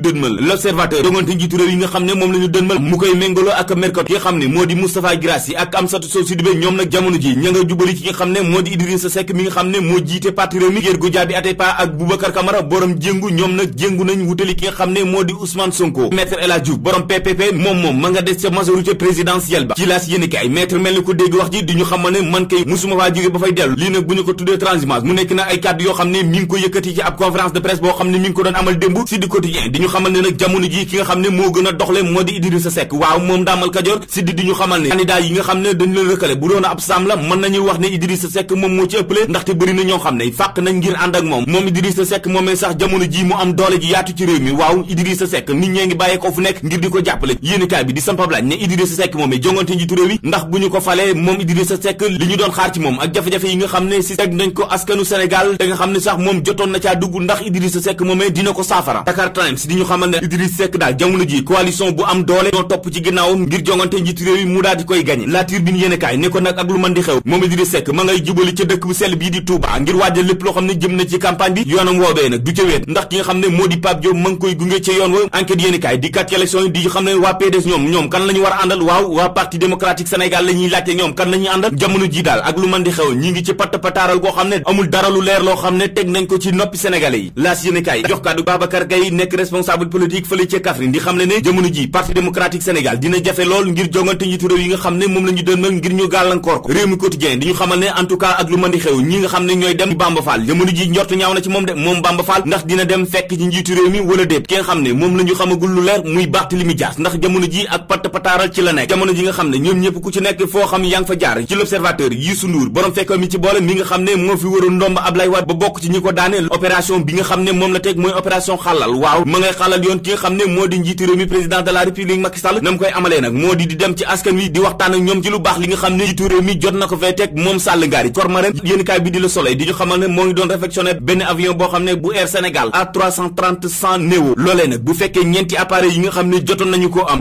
dënmal l'observateur jongante njiitu nga xam ne moom la ñu mu koy méngaloo ak mercato ki xam ne moo di Moustapha Guirassy ak Amsatou Sow Sidibé ñoom di Idrissa ñoom nag jéngu nañ wutali ki nga xam ne moo di Ousmane Sonko maître El Hadji Diouf borom PPP moom moom ma nga des ca majorité présidentielle ba ci laas yéene mel ni ko dégg wax ji di ñu xamal ne man kay musuma faa jóge ba fay dellu lii nag bu ñu ko tuddee transhumance mu nekk xamal ne nag jamono ji ki nga xam ne moo gën a doxle moo di Idrissa Seck waaw moom daamal Kajoor siddi di ñu xamal ne candidat yi nga xam ne dañ leen rëkkale bu doon ab saam la mën nañuy wax ne Idrissa Seck moom moo ci ëppale ndaxte bëri ñoo xam ne fàq nañ ngir ànd ak moom moom Idrissa Seck moomee sax jamono ji mu am doole yaatu ci réew mi waaw Idrissa Seck nit ñee ngi bàyyee ko fu nekk ngir ko jàppale yéenekaay bi di sampablaaj ne Idrissa Seck moomee jongante njiitu réew mi ndax bu ñu ko falee moom Idrissa ñu doon xaar moom ak jafe yi nga xam ne si teg nañ ko askanu Sénégal da nga xam ne sax moom jotoon na caa dugg ndax Idrissa sekk moomee dina ko saafara Dakar Times di ñu xamal ne Idriss Seck daal jamono ji coalition bu am doole ñoo topp ci ginnaawam ngir jongante njiitu réew yi mu daal di koy gañe la turbine yéenekaay ne ko nag ak lu mën di xew loo xam ne jëm na ci campagne la ñu war a ñi ngi ci patt pataaral xam ne amul dara lu leer loo xam ne teg nañ ko ci noppi sénégalais yi responsable politique fële ca Kaffrine di xam le ne jamono ji parti démocratique Sénégal dina jafe lool ngir jongante njiitu réew yi nga xam ne moom la ñu ngir ñu gàllankoor ko réew mi quotidien di xamal ne en tout cas ak lu mën di xew ñi nga xam ne ñooy dem Bamba Fall jamono ji njort ñaaw na ci moom moom Bamba Fall ndax dina dem fekk ci njiitu réew mi wala déet ki xam ne moom la xamagul lu leer muy Barthélémy Dias ndax jamono ji ak pataaral ci koy xalal yoon ki nga xam ne moo di njiitu réew président de la république Macky Sall nam koy amalee nag moo di di dem ci askan wi di waxtaan ak ñoom di di ñu xamal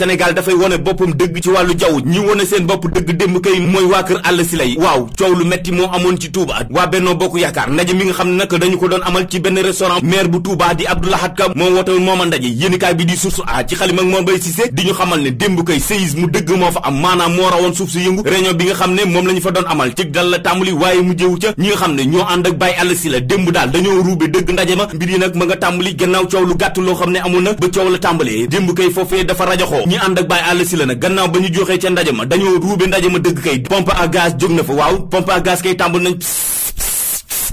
Sénégal dafay wone boppam dëgg ci wàllu jaww ñi wone seen bopp dëgg démb kay mooy waa kër àll si lay waaw coow lu metti moo amoon ci Touba waa Bennoo Bokk Yaakaar ndaje mi nga xam ne nag dañu ko doon amal ci benn restaurant maire bu Touba a di Abdoulahat Ka moo wootewul mooma ndaje yéenikaay bi di source a ci xalima ak moon bay Cissé di ñu xamal ne démb kay séisme mu dëgg moo fa am maanaam moo rawoon suuf si yëngu réunion bi nga xam ne moom la ñu fa doon amal ci dal la tàmbali waaye mujjewu ca ñi nga xam ne ñoo ànd ak Baye Alla Sylla démb daal dañoo ruube dëgg ndaje ma mbir yi nag ma nga tàmbali gannaaw coow lu gàtt loo xam ne amoon na ba coow la tàmbalee démb kay foofee dafa rajaxoo ñi ànd ak Baye Alla Sylla nag gannaaw ba ñu joxee ca ndaje ma dañoo ruube ndaje ma dëgg kay pompe à gaz na fa waaw pompe à gaz kay tàmbali nañ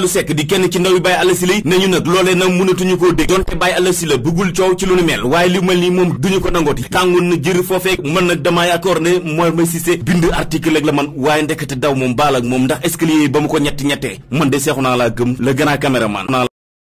lu sekk di kenn ci ndaw yi Baye Alla Sylla nañu nag loolee nag mënatuñu koo dégg donte Baye Alla Sylla bëggul coow ci lu mel waaye li mel nii moom duñu ko nangooti tàngoon na jër foofee mën nag damaa yaakaar ne mooy may Cissé bind article rek la man waaye ndekete daw moom baal ak moom ndax escalier yi ba mu ko ñetti ñettee man de seexu naa laa gëm le grand caméraman